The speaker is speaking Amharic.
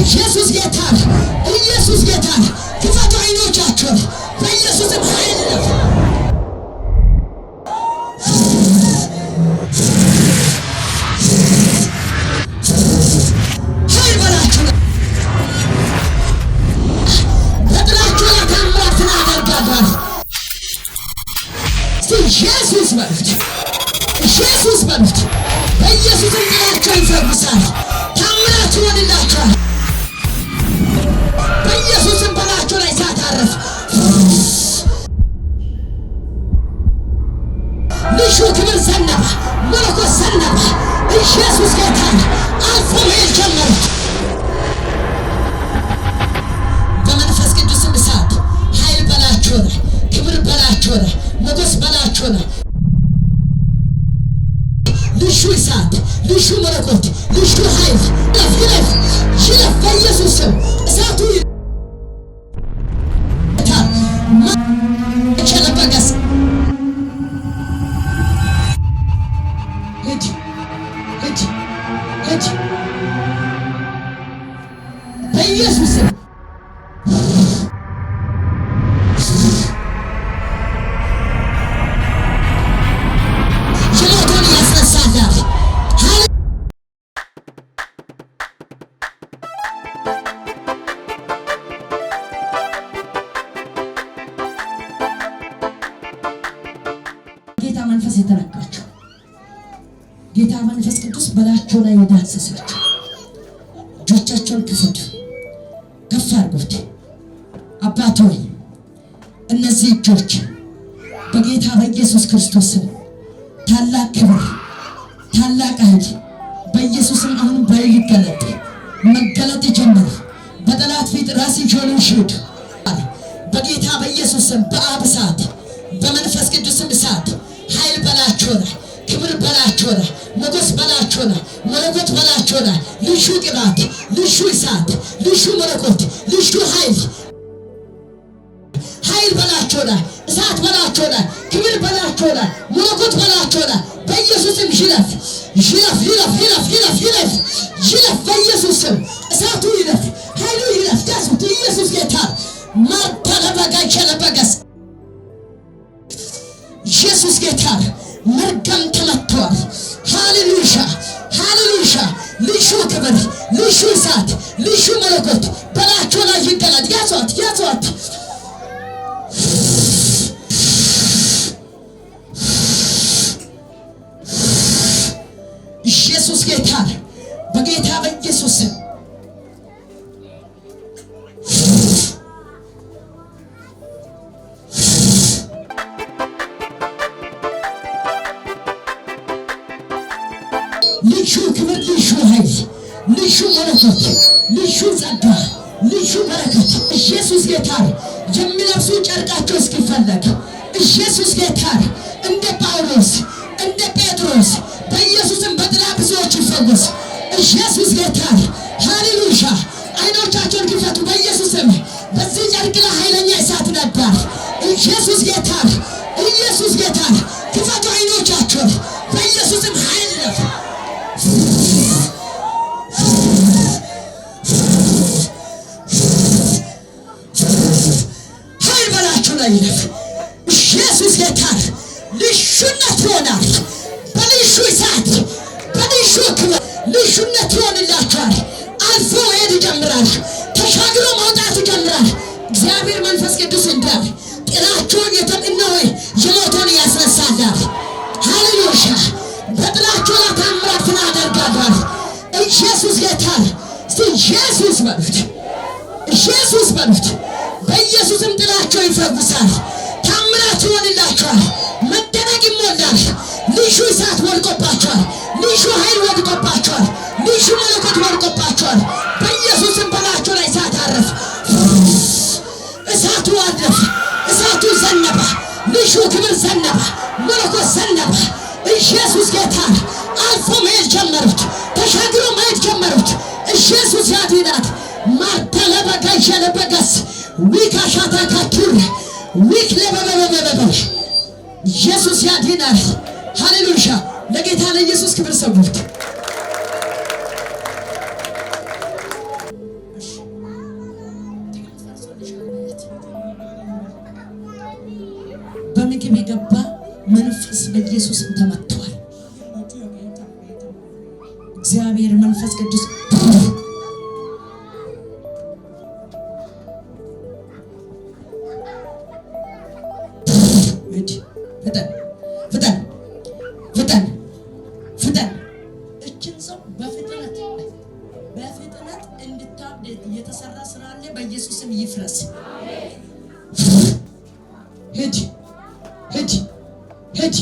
ኢየሱስ ጌታ ኢየሱስ ጌታ ክፈቱ አይኖቻችሁን በኢየሱስም ኃይል ነው። ኢየሱስ በሉት፣ ኢየሱስ በሉት። በኢየሱስ እሚላቸው ይፈውሳል፣ ታምራት ይሆንላቸዋል። ኢየሱስን በላያቸው ላይ ሲያታርፍ ልሹ ክብር ሰነበ፣ መለኮት ሰነበ። ኢየሱስ ጌታ አልፎ መሄድ ጀመረ። በመንፈስ ቅዱስ እሳት ኃይል በላያቸው ሆነ፣ ክብር በላያቸው ሆነ፣ ሞገስ በላያቸው ሆነ። ልሹ እሳት፣ ልሹ መለኮት፣ ልሹ ኃይል ለፍ ጌታ መንፈስ ቅዱስ በላቸው ላይ የዳሰሳቸው እጆቻቸውን ክፈቱ፣ ከፍ አድርጉት። አባት ሆይ እነዚህ እጆች በጌታ በኢየሱስ ክርስቶስ ስም ታላቅ ክብር፣ ታላቅ አይድ በኢየሱስም አሁን በይል ይገለጥ፣ መገለጥ ይጀምር። በጠላት ፊት ራስ ይጆልን ሽድ በጌታ በኢየሱስ ስም በአብ እሳት በመንፈስ ቅዱስም እሳት ኃይል በላቸው ላይ ክብር በላቸው ሆነ፣ ሞገስ በላቸው ሆነ፣ መለኮት በላቸው ሆነ። ልሹ ቅባት፣ ልሹ እሳት፣ ልሹ መለኮት፣ ልሹ ኃይል ኃይል በላቸው ሆነ፣ እሳት በላቸው ሆነ፣ ክብር በላቸው ሆነ፣ መለኮት በላቸው ሆነ። በኢየሱስም ይለፍ ይለፍ ይለፍ ይለፍ ይለፍ ይለፍ ይለፍ። በኢየሱስም እሳቱ ይለፍ፣ ኃይሉ ይለፍ። ያሱት ኢየሱስ ጌታ ማታ ለበጋ ይቸለበገስ ኢየሱስ ጌታ መርገም ተመትተዋል። ሃሌሉሻ ሃሌሉሻ! ልሹ ክብር፣ ልሹ እሳት፣ ልሹ መለኮት በላቸው ላይ ይገላል። ያዟት ያዟት ኢየሱስ ጌታ በጌታ በኢየሱስ ልሹ ኃይል፣ ልሹ መለኮት፣ ልሹ ጸጋ፣ ልሹ በረከት። ኢየሱስ ጌታ የሚለብሱ ጨርቃቸው እስኪፈለግ ኢየሱስ ጌታ እንደ ጳውሎስ እንደ ጴጥሮስ በኢየሱስም በጥላ ብዙዎች ይፈወስ። ኢየሱስ ጌታ ሃሌሉያ። አይኖቻቸውን ክፈቱ በኢየሱስም በዚህ ጨርቅ ላይ ኃይለኛ እሳት ነበር። ልዩነት ኢየሱስ ጌታ ልዩነት ይሆናል። በልሹ ሰዓት በልዩ ክብር ልዩነት ይሆንላቸዋል። አልፎ መሄድ ይጀምራል። ተሻግሮ መውጣት ይጀምራል። እግዚአብሔር መንፈስ ቅዱስ እንዳል ጥላቸውን የተምነ ሆይ ያስነሳላል። ሃሌሉያ በጥላቸው ላይ ታምራትን አደርጋለሁ። ኢየሱስ ጌታ ኢየሱስ በሉት ኢየሱስ በሉት በኢየሱስም ጥላቸው ይፈውሳል። ታምራት ይሆንላቸዋል። መደነቅ ይሞላል። ልዩ እሳት ወድቆባቸዋል። ልዩ ኃይል ወድቆባቸዋል። ልዩ መለኮት ወድቆባቸዋል። በኢየሱስም በላቸው ላይ እሳት አረፍ፣ እሳቱ አረፍ፣ እሳቱ ዘነበ። ልዩ ክብር ዘነበ። መለኮት ዘነበ። ኢየሱስ ጌታ አልፎ መሄድ ጀመሩት። ተሻግሮ መሄድ ጀመሩት። ኢየሱስ ያድናት ማርተለበቀሸለበቀስ ዊካሻታካኪር ዊክ ለበበበበበበሽ ኢየሱስ ያድናል። ሃሌሉሻ! ለጌታ ለኢየሱስ ክብር ሰውት በምግብ የገባ መንፈስ በኢየሱስ ተመቷል። እግዚአብሔር መንፈስ ቅዱስ ሂጂ ሂጂ ሂጂ